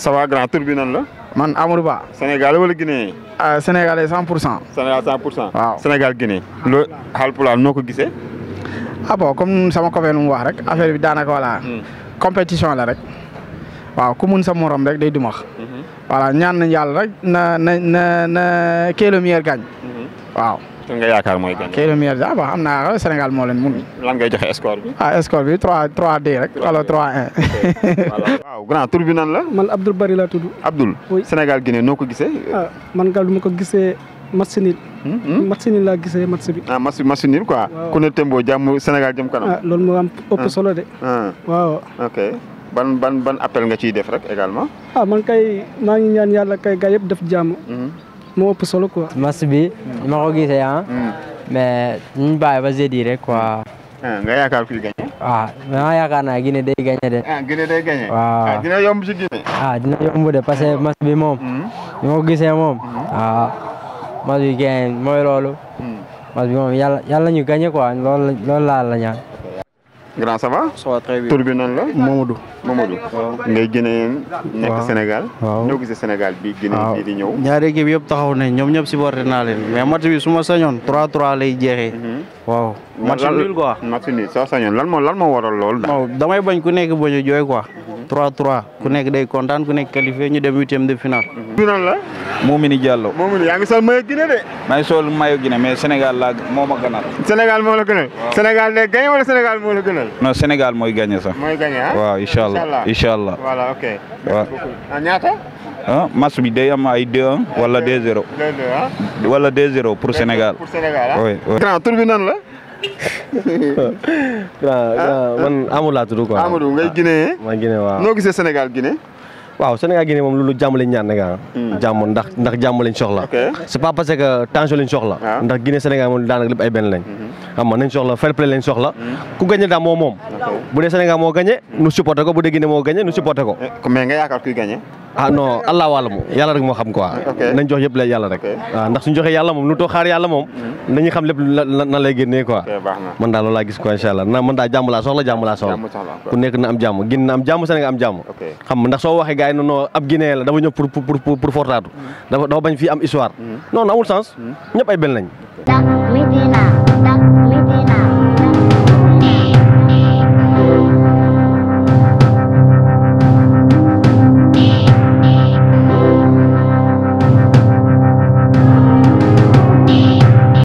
ça va grand tur la. man Amadou Ba. Sénégal wala Guinée. ah euh, Sénégalais 100 pour cent. Sénégal pour cent. waaw Sénégal Guinée. loolu Haalpulaar noo ko gisee. ah bon comme sama copain mu wax rek affaire bi daanaka voilà. Hmm. compétition la rek. waaw ku mun sa morom rek day dumax. Hmm. voilà ñaan nañ yàlla rek na na na na que hmm. waaw. kan nga yaakaar mooy gagné. kii la meilleur ah bon am naa Sénégal moo leen mun. lan ngay joxe score bi. a ah, score bi 3 3 2 rek. wala 3 1. waaw grand tur bi nan la. man Abdoul Bari laa tudd. Abdoul. Sénégal Guinée noo ko gisee. ah man gal lu ma ko gisee match nul. Hmm, hmm? match laa gisee match bi. ah match match nul quoi. waaw ku ne Tembo jàmm Sénégal jëm kanam. ah loolu moo am ëpp ah. solo de. Ah. waaw. ok ban ban ban appel nga ciy def rek également. man kay maa ngi ñaan yàlla kay gaa def jàmm. Hmm. moo ëpp solo quoi. match bi ni ma ko gisee ah. Hmm. mais ñu bàyyi ba jeudi rek quoi. Ah, nga yaakaar kuy gagné. waaw ah, mais yaakaar naa Guinée day gagné ah, parce que match bi moom. Hmm. ni ma ko gisee moom. Hmm. ah match bi gagné mooy loolu. match bi moom yàlla yàlla ñu gagné quoi loolu loolu laa la grand ça va. ça va très bien tur bi nan la Momadou. Momadou ngay Guinéen nekk Sénégal. waaw ñoo gisee Sénégal bi Guinée bii di ñëw. ñaari équipe yëpp taxaw nañ ñoom ñëpp supporté naa leen mais match bi su ma sañoon 3-3 lay jeexee. Mhm. waaw match nul quoi. match nul soo sañoon lan moo lan moo waral lool. da damay bañ ku nekk bañ a jooy quoi. 3-3 ku nekk day kontaan ku nekk qualifié ñu dem huitième de finale. ñu noonu la. Momini Diallo. Momini yaa ngi sol maillot Guinée de. maa ngi sol maillot Guinée moo ma gënal. Sénégal moo la gënal. Sénégal day gagné wala Sénégal moo la gënal. mooy gagné sax. mooy gagné ah. waaw incha allah incha allah. voilà ok. waaw ah, ah, bi day am ay 2 wala 2-0. 2-2 ah. wala 2 ah. la. Ah, man ah. Amadou laa tudd quoi. Amadou ngay ah, Guinée. waaw noo gisee Sénégal Guinée. waaw Sénégal Guinée moom loolu jàmm lañ ñaan nag ah. Hmm. ndax ndax jàmm lañ soxla. c'est pas parce que tension lañ soxla. ndax Guinée Sénégal moom daanaka lépp ay benn lañ. Hmm. xam nga nañ soxla fair play lañ soxla. Hmm. ku gagné daal moo moom. bu dee Sénégal moo gagné hmm. nu supporté ko bu dee Guinée moo gagné nu supporté ko. Eh, mais nga yaakaar kuy gagné. ah non allah ah, moom nu too xaar yàlla moom. Hmm. nañu xam lépp na lay génnee quoi. man daal loolaa gis quoi incha allah na man daal soxla jàmm laa soxla. ku nekk na am jàmm Guinée na am jàmm Sénégal am jàmm. xam ndax soo waxee gars yi non ab Guinée la dafa ñëw pour fortaatu. dafa bañ fii am histoire. non amul sens.